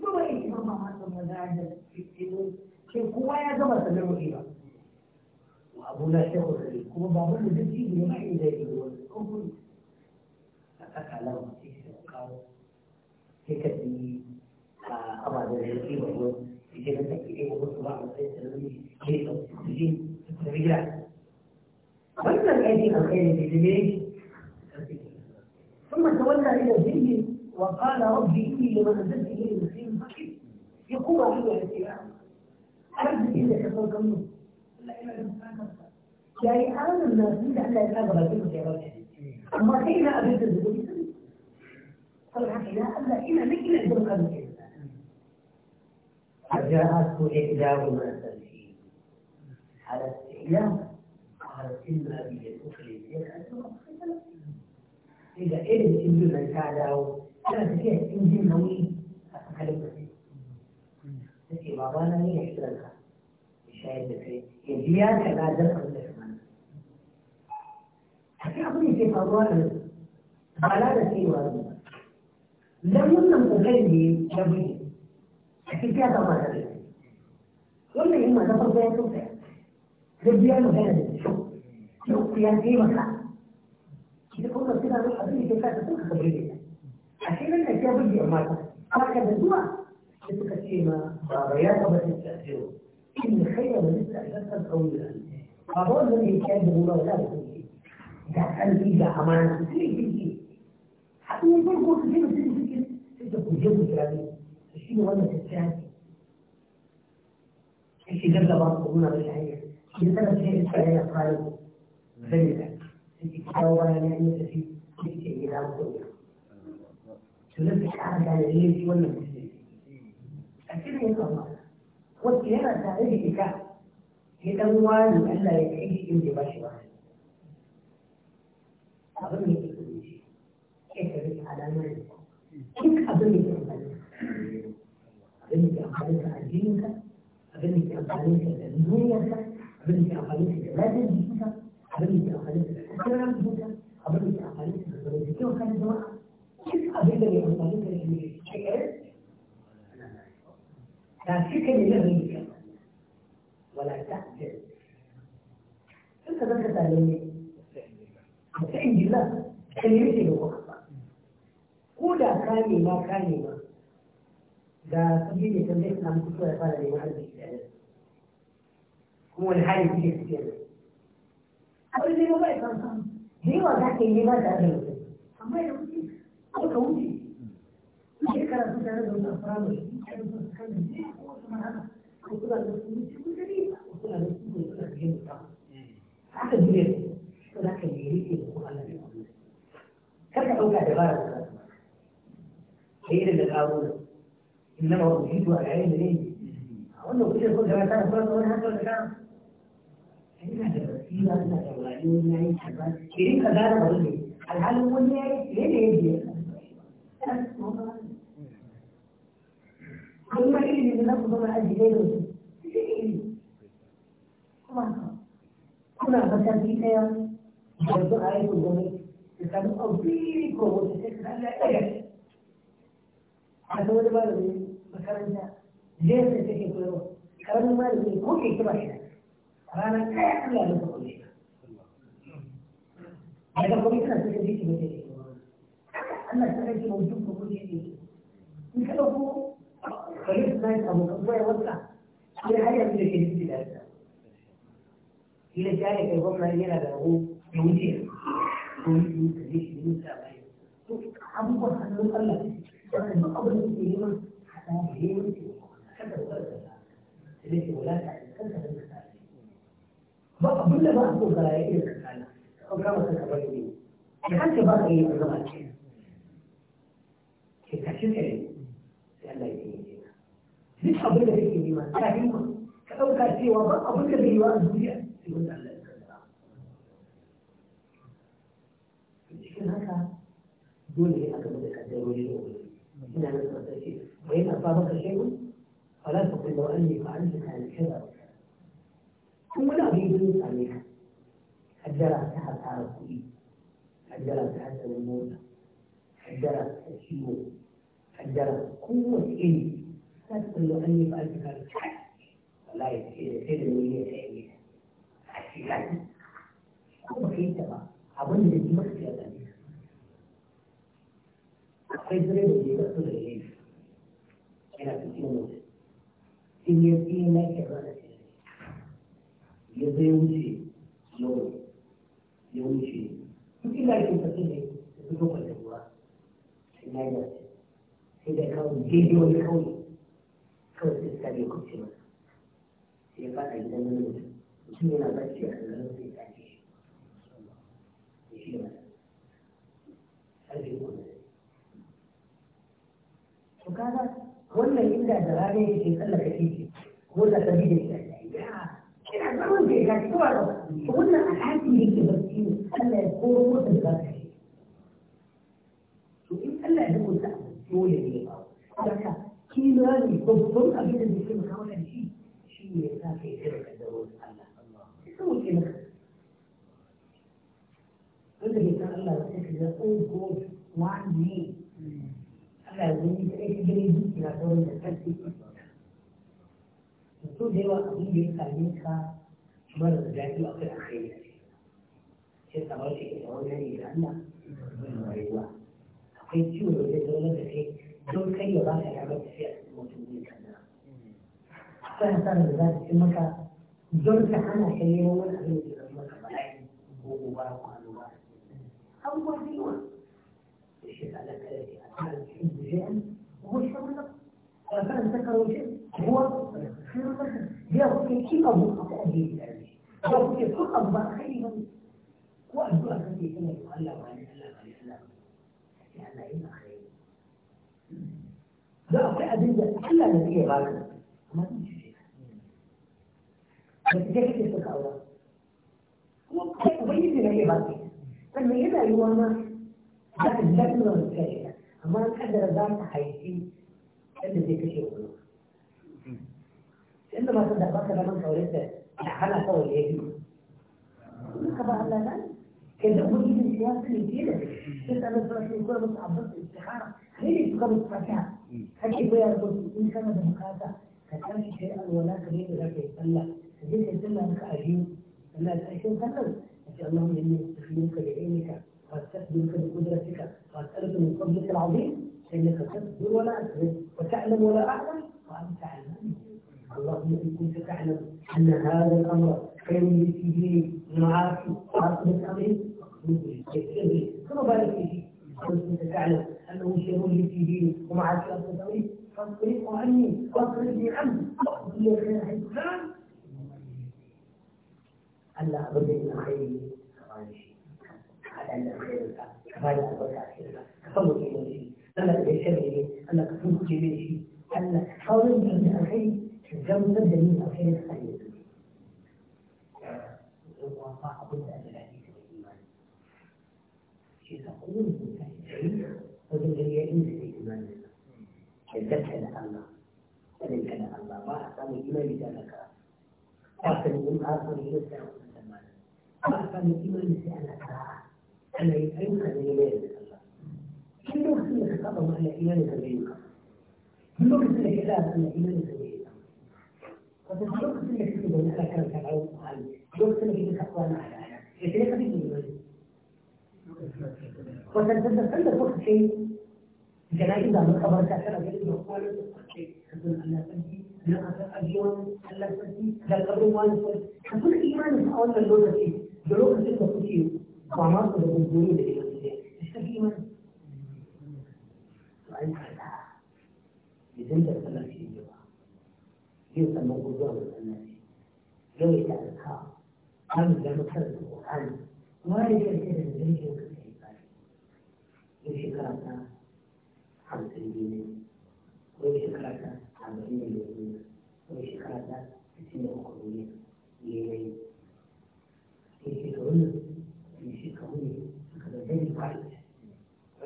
kuma ya kima ma hasa maza da fitilo Kuma ya gama sanar wa ba wa abu na shehu rari kuma baban da duk ne ma inda ya yi wani kokuri a kakalar mace sai ku kawo sai ka yi a ababen da ke ba ko ke da take yi wasu kuma a matsayin sarari ne da su je su riga wannan aikin alkhairi ne da ne ثم تولى الى الجن وقال ربي إني لما نزلت إليه مسلم فكر يقول أحد الاحتلال أعرف إنك كفر كمه يعني أنا الناس من أحلى الأغرى كله في رجل أما حين أبدا بقول قال حقنا ألا إلا لك إلا إذا قد فجاءته إحداهما تمشي على استعلام قالت إما أبي الأخرى إذا من كان أنا تكيه إنجيل نووي أتكلم بسيط تكي بابانا مين يحترم لها الشاهد بسيط يجيان كما درس الإسلام تكي أقولي في فضوان ضلالة سيوة لم يمنع تغني شبيه تكي كذا ما تغني ولا يما نفر زي توفى رجال هذا شوف شوف في هذه مكان إذا كنت كده روح أبني كيف تكون خبريه a cikin da ke bugi mata haka da zuwa sai suka ce ma baba ya taba ta tsaro in khayra da lissa akan qawla baba wannan ne ke da ruwa da kuke da kalbi da amana sai kike haɗin farko su je mutum suke sai da kuje kujira ne shi ne wannan tattaki في جملة برضه هنا بالحقيقة مثلا في إسرائيل قالوا زي ده في كتابة يعني في كتابة تنبه على الليل ولا بالليل أكيد يطلع والسيارة تعيش بك يدوان ألا يتعيش انتباه أظن كيف على مالك كيف أظن أظن أمفانك عن دينك أظن أمفانك عن دنياك أظن أمفانك عن لازم دينك أظن عن أسرارك أظن أمفانك عن ضرورتك وكان جوابك abin da mai amfani da shi ne da shi ka ne nan ne wala sun ka zaka tare ne a ta injila ka yi ce da kuma ko da ka ma ka ma ga sabi ne kan zai samu kusa da fara neman arziki da kuma wani hali ke su ke nan abin da ya ba ya kan samu da yawa za ka yi nema da arziki amma ya ka wuce shekara su tare da wani afirama shi kan su kan da ne ko kuma haka, ko suna da su ne cikin gari ko suna da su ne suna da yin ta haka biyar ko za ka yi rike da kuma Allah ne kar ka ɗauka da bara da ka yi da ƙaro da innama wa ujidu a yayin da ne a wannan kujen ko gaba ta fara wani hankali da kan ina da basira ina da wani yayin kaza irin kaza da wani alhalin wani yayin ne ne ya biya kuma ilimin da za ku zama aji dai da su kuma kuna mataki ɗaya da su a yi gudunmi da kanu a fili ko wata sai ka kalla ɗaya a ta wani malami makaranta jiyar da take koyarwa karamin malami ko ke kira shi ranar ɗaya Allah ya rufe kuɗi daga kuma ina cikin jiki Allah ta kai mawujin ku kuɗi ne in ka ɗauko kalif na yi abu kan waya wata sai har yanzu da ke nufi da ita ila shi ake kai gwamnati yana da rago ya wuce ko yi ka je shi ne ta bai to abubuwan hannun Allah wanda duk abin da ke neman haɗa da neman taimako kada ku karɓa sai dai ke wadata da kanka da kanka ba abin da ba a so ga ya irin kakana ka kama kanka ba ne kan ce ba ka yi zama cikin cikakken ilimi sai Allah ya yi duk abin da kake nema ta himma ka ɗauka cewa ba abin da bai yi wa a duniya sai wanda Allah ya karɓa cikin haka dole ne a gaba da kaddarori da wuri ina nan sun ce wa yana fa maka shehu fala ta kullu anni fa anta kana kaza kun wani abin da ya same ka kaddara ta hasara kuɗi kaddara ta hasarin mota kaddara ta ciwo kaddara kowace iri ta ci an yi ba'a cika kai wallahi sai da ya sai ne a cikin ko ba kai ta ba abin da ji ne akwai da da yi. yana mutu ya na ke ya zai wuce ya wuce duk ina ne da duk wanda ruwa sai إذا كون فيديو يكون كون تستبيع كتير في قطع الزمن وشمينا بس يعني لو في تعجيش يشير وكذا ولا إلا زغاري يتسلى كتير ولا سبيل قلنا الحاج يجي بس الا يكون مدة قال لا يكون لا dole ne ba haka kimani babban abin da zai taimaka da shi shi ne ya sa kai kira kaddarorin Allah sai kawai ke maka wanda ke san Allah sai ka ga oh god wani Allah ya zai ta aiki gare duki ta sauran da sarki to da yawa abin da ya same ka mara da daɗi a kai a kai sai ka ba shi ita wani ne da Allah akwai ciwo da zai zama sai hasarar da za ta ci maka don ta hana ka neman wani abin da ke zama maka bala'i ko gobara ko annoba abubuwa da yawa da shi da Allah ta yi a tsarin cikin jiyan ko shi kamar da tsarin ta karo shi ruwa shi ruwa ya kuke ki abu a ko abu da shi ya kuke so abu ba kai ba ko addu'a kake yi ne Allah ba ne Allah ba ne Allah ya Allah yana kai da akwai abin da Allah ne ke baka amma a cikin kake son ka aura kuma kai ubangiji na iya ba ka sannan yana yiwuwa ma za ka ji daɗin zama da kai amma kadar za ka haifi yadda zai kashe wani inda masu da baka zaman kaurin da da hana kawai ya yi kuma ka ba Allah na kai da kuma gidan ya sani fiye da shi ta da sarrafa ko musu abin da istihara ne ne suka musu fata kake bayar da in kana da bukata ka tashi kai alwala ka ne da zaka yi sallah فجيت يسلى ركعتين صلى ركعتين فقط اللهم اني استخدمك بعلمك واستخدمك بقدرتك واسالك من فضلك العظيم انك تصبر ولا اصبر وتعلم ولا اعلم وانت علمني اللهم ان كنت تعلم ان هذا الامر خير لي فيه معافي وعاقبه امري ثم بارك فيه إن كنت تعلم انه شر لي في ديني ومعافي عاقبه امري فاصرفه عني واصرفني عنه واقضي خير حيث كان ألا أبدا من خير هذا أن الخير هذا البركة كفمك إلى شيء أنك تشتغل أنك تنتج إلى شيء أنك تحاول من الخير الجو تبدأ من الخير الخير وقابل أن الحديث بالإيمان شيء تقول من الشيء وذل اليقين بالإيمان الذبح لله الذبح لله ما أحسن الإيمان بذلك أحسن الإيمان أحسن الإيمان أبقى من إيمان أنا أنا يمكن أن يميل كل يوم سنة خطأ على إيمان الزمين كل يوم سنة خلاف على إيمان الزمين وفي الوقت اللي كتبه من على كلام كلام وقال الوقت اللي كتبه خطوان على أنا إيه خفيف الإيمان وتتذكر الوقت شيء جنائز من خبر كثير من المقالة الشيء أن لا تنتهي من أجيال أن لا تنتهي لا قبل ما نقول كل إيمان في أول اللغة da lokacin da kuke ba ma su da gungun da ya ce ta shi ma to ai kada idan da sallah shi ne ba zai sannan ku zuwa da sallah shi yau ya alka an da mutar da Qur'ani wani da ke da dalilin ka sai kai yau shekara ta hamsin ne ko yau shekara ta arba'in da ne ko shekara ta sittin da uku ne ne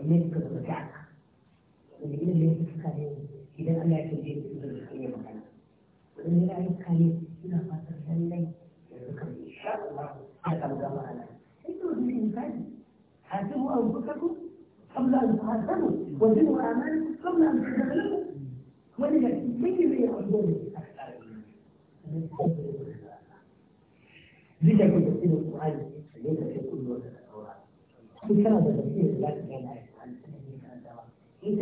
ne suka zama da haka wanda idan ne suka ne idan Allah ya kaje su zai su yi magana wanda ne ayyuka ne ina fatan lallai yanzu kan insha Allah ya samu gama ana sai to ne misali hasibu an fukaku qabla an tuhasabu wa dinu qabla an tuhasabu wanda da yake zai yi da في كل وقت التوراة. كان هذا الشيء لا da sai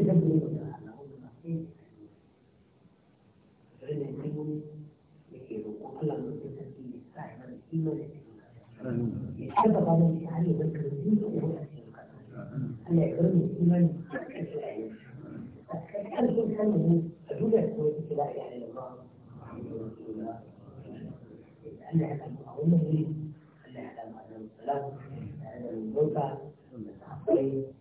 ta ba da shi hali da karfi da kuma a yau a ƙarshen kalmomi a duniya ta a a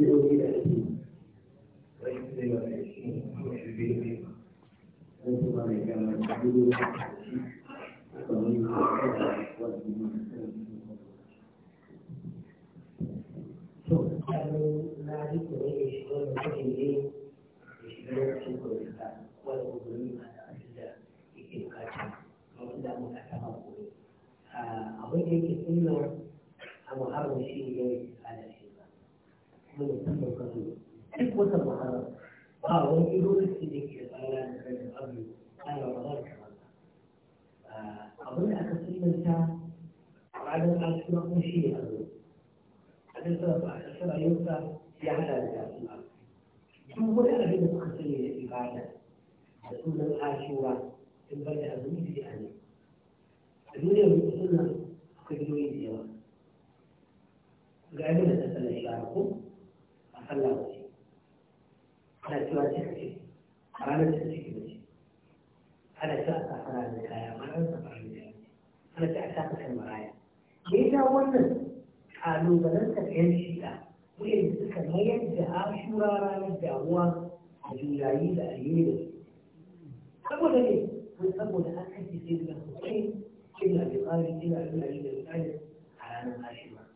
bidiyoyi da ake rashin zai ba da shi kuma shi bidiyoyi don su ba mai gama bidiyoyi da ake mana tabbata duk wata ma'ana ba wani lokaci da ke tsara da kai da abu ana magana kamar abin da aka sunanta a ranar asura kuma shi ne abu a nan sana ba a sana yauka ya hada da asura duk wani abin da suka sani da ibada da sunan ashura in bar da azumi da ne a duniyar mutum suna akwai gidoyi da yawa ga abin da ta sanar ko sallah ba ce ana cewa cika ce a ranar cika ciki ba ce ana cewa a sa fararen kaya ma ranar sa fararen kaya ana cewa a sa kasan maraya me yasa wannan kalubalen ka yan shi'a wayan suka mayar da ashura ranar damuwa a juyayi da aliyu da su saboda ne mun saboda an kashe sai da hukai kina da tsari kina da tsari da tsari a ranar ashura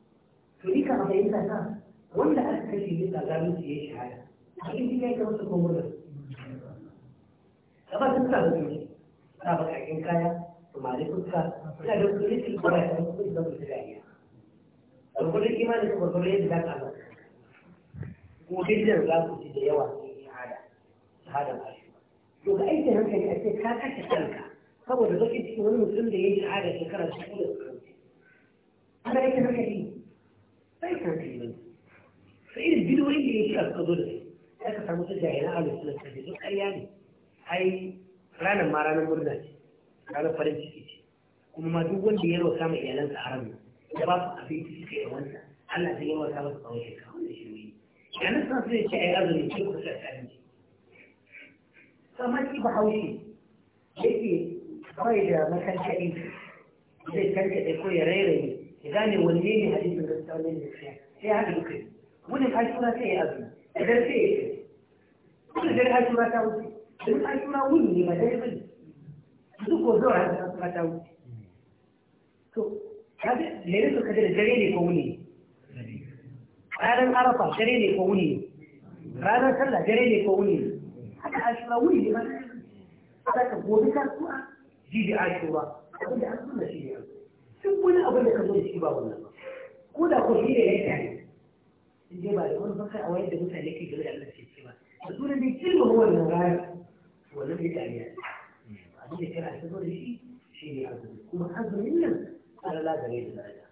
to ni ka fahimta ta wanda aka kashe ne tsakanin su ya shahada a cikin ya kamar su kuma da da su sa bakakin kaya samari fuska suna da su rikin kuma ya su da su da iya imanin su yadda za ka gobe za ku da yawa shahada shahada ba shi to ga aikin hankali a ce ka kashe kanka saboda cikin wani mutum da ya yi shahada ana hankali shi a da su sai ka samu su jahilan ahlus sunna ta duk ƙarya ne ai ranar ma ranar murna ce ranar farin ciki ce kuma ma duk wanda ya rosa ma iyalansa haram ne ya ba su abinci suka yi wanda Allah zai yi wata masa tsawon shekara wanda shi ne yana san sai ce ai azumi ce ku sai abinci kamar ki ba haushi yake kawai da makarkari zai karkaɗe ko ya rairaye ya gane wanne ne hadisin gaskiya wanne ne gaskiya sai haka duka yi wani ashura sai ya azumi idan sai ya yi wani dare ashura ta wuce don ashura wuni ne ba dare bane duk ko zuwa ashura ta wuce to kaga lere su kaje da dare ne ko wuni ranar arafa dare ne ko wuni ranar sallah dare ne ko wuni ne haka ashura wuni ne ba haka gobe kasuwa jibi ashura abinda an suna shi ne duk wani abin da ka zo da shi ba wannan ba ko da ko shi ne ya yi in dai ba da wani baka a wayar da mutane kai game da Allah ke ce ba da sunan dai ilmu huwa al-mughayr wannan dai dariya hmm. abin da kana ta zo da shi shi ne azumi kuma azumin nan ala la gare da daraja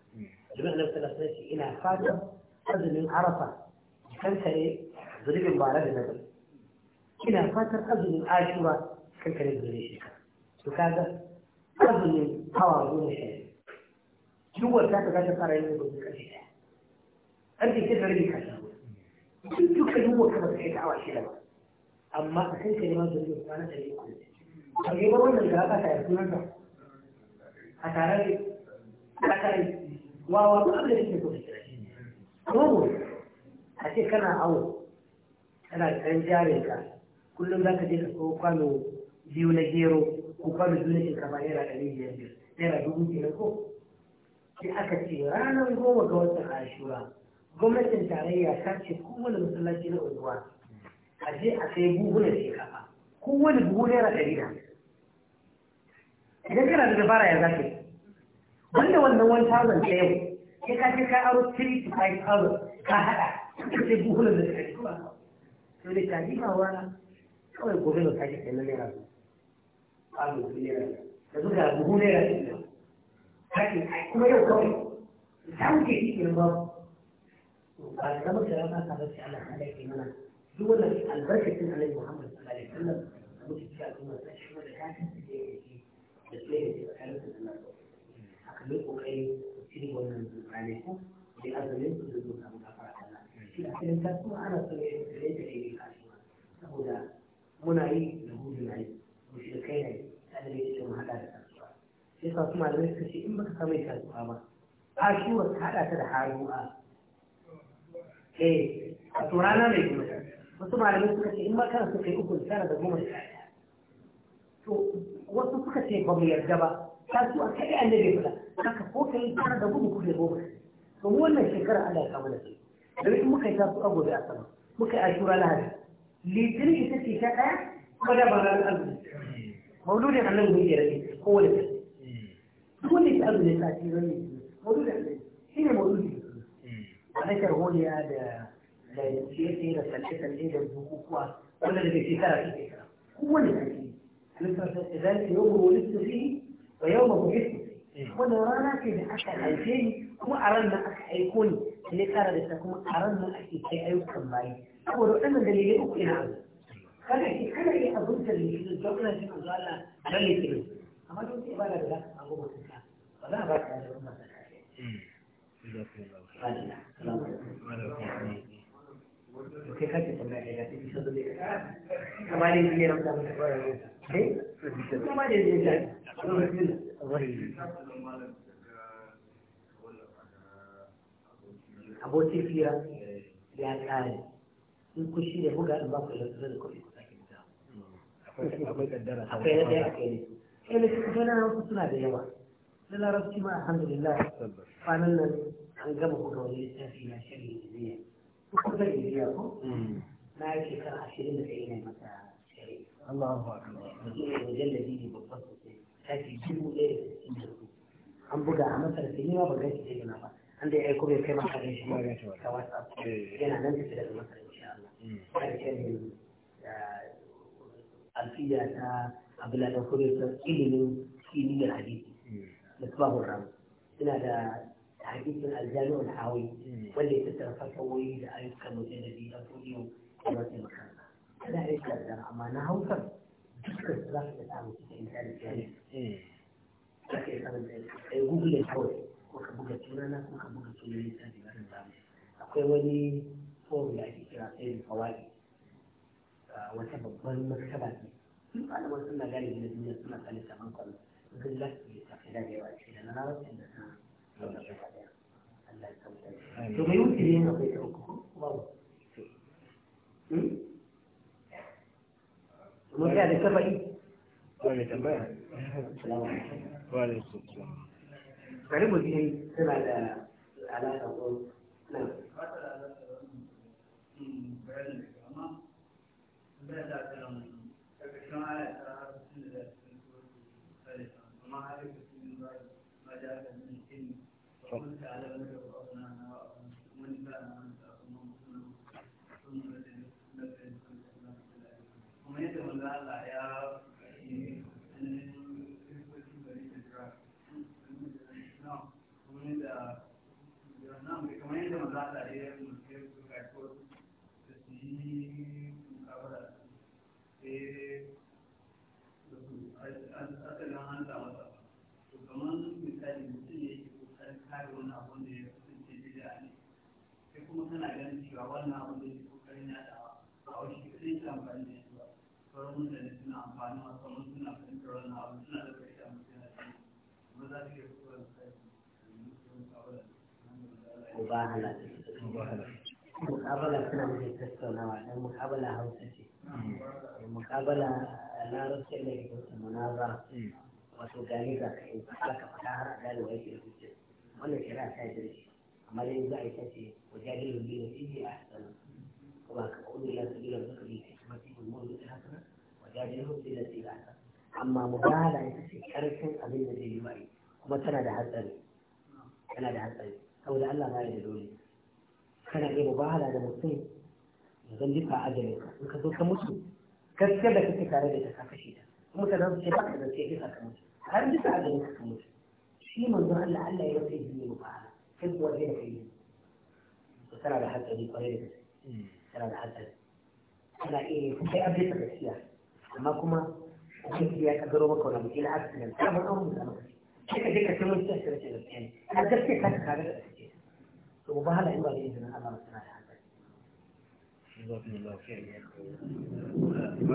da Allah ta lasa shi ina fatan azumin arafa kankare zulubin bara da nabi ina fatan azumin ashura kankare zulubin shekara to kaga azumin hawa goma sha biyu duk wata ka ta fara yin gobe kashi ɗaya ƙarfe sai ka rage kashi duk duka duba ka ba kai ta awa shida ba amma a kan kalimar da zai kwana da yau a gebar wannan da aka tayar sunan sa a tare da tare wawa ba abin da yake so amma mu a kana awo kana ɗan jarin ka kullum za ka je ka so kwano biyu na gero ko kwano biyu na shinkafa naira ɗari biyar biyar naira dubu kenan ko sai aka ce ranar goma ga watan ashura gwamnatin tarayya ta ce kowane masallaci na unguwa a je a sai buhunan kafa, kowane buhu naira ɗari da idan kana da dabara ya zafi wanda wannan wani tazan ta yau sai ka ka aro 3 to 5 thousand ka haɗa ka sai buhunan da suka shigo to da ta ji mawa kawai gobe ba ta ke sai na naira ba mu naira da zuga buhu naira ɗari da kuma yau kawai za mu ke yi irin babu ba da zama kira ta ka bace Allah Allah ke mana duk wannan albarkacin Annabi Muhammad sallallahu alaihi wasallam da muke cewa kuma sai shi da kafin da yake da sai yake tsakanin da Allah haka ne kokari shi wannan zubane ko da azumin da zuwa samu gafara Allah shi a cikin kasuwa ana so ne da yake saboda muna yi da hudu na yi mushrikai na yi sadar yake mu da kasuwa sai sa kuma malamai ce in baka samu kasuwa ba ashura ka hada ta da haru'a eh a turana mai kuma wasu malamai suka ce in makara suka yi uku tana da goma sha to wasu suka ce ba mu yarda ba ta su a kai annabi fada haka ko kai tana da gudu kuma goma to mu wannan shekara Allah ya kawo da shi da in muka yi tasu a gobe a sama muka yi ashura lahadi litinin ita ce ta ɗaya kuma da ba ranar azumi a nan gudu ya rage kowane ta kowane ta azumi ta ce rage mauludin annabi shi ne mauludin harkar holiya da da yake da tsalle-tsalle da bukukuwa wanda daga shekara ta shekara kowane sarki halittar idan ta yi wuri su fi wa yau ba kuke su wanda rana ce da aka haife ni kuma a ran nan aka aiko ni ne kara da ta kuma a ran nan ake kai ayyukan bayi saboda waɗannan dalilai uku ina abu kada ki kada ki abunta da da kuma shi ko Allah dan ne amma don ki da za ba za ba da kai kake da zai ne abokin fira ya in ku shi da buga in da kwafi da akwai kaddara akwai na ɗaya akwai ne eh na suna da yawa na larabci ma alhamdulillah kwanan nan an gama buga wani littafi na shirin iziniya kuka zai iziniya ko mm. na yi shekara ashirin da ɗaya ne masa shari'a Allahu Akbar ne mujallabi ne babban sosai shafi dubu ɗaya da da an buga a masar sai ni ma ba gashi da yana ba an da ya aiko bai kai maka gashi ba ta whatsapp eh. yana nan tafi daga masar insha Allah karshen mm. eh, alfiya ta abdullahi kure ta ilimin kimiyyar hadisi mm. da tubabun ramu da haƙi suna aljanu alhawai wanda ya tattara farfawoyi da ayyuka mutum da biyu don kuɗi a mafi makaranta kada a yi amma na hausar dukkan su za su da samun cikin intanet ya ne yi samun da ya yi google ya kawai ko ka buga tuna ko ka buga tuna ya sa jima da akwai wani forum da ake kira sai da wata babban maktaba ne sun fara wasu magani da duniya suna kalli saman kwallo ganin za su yi tafiya da yawa ce da na to mai wuce ne akwai ta uku babu mun da safa'i wani tambaya wani su kare mu dai tana da alaka ko nan amma da da kan daga kan ayata kuma tana ganin cewa wannan abin da ke kokarin yadawa a wasu ke zai ta amfani da shi ba sauran mutane suna amfani a sauran suna fahimtar wannan abin suna da kai da mutum na shi kuma za su iya kowa da ba mukabala mukabala suna da tattaunawa dan mukabala hausa ce mukabala rasu ne ke kusa munaza hmm. wato gani za ka yi ba ka har a gane wai ke wanda shari'a ta yi amma dai za a yi sace wa jahilun bi nasihi ahsan kuma ka qulu la sabila zaka bi hikmati wal mulki hasana wa jahilun bi nasihi hasana amma mubahala ita ce karfin abin da zai yi mai kuma tana da hatsari tana da hatsari saboda Allah ba ya da dole kana iya mubahala da mutum zan duka a ka in ka zo ka mutu gaskiya da kake tare da ta ka kashe ta kuma ka zo ce ba ka zance duka ka mutu har duka ajalin ka ka mutu shi manzon Allah Allah ya rufe jini mubahala كنت وزير فيه وسنة لحد هذه قليلة سنة لحد أنا إيه في أبلي تكسية أما كما تكسية كبيرو بكونا بجيل أكسنة أنا من أول مسألة كيف ديك كمان تأثير أنا كانت خارج الله سنة لحد الله خير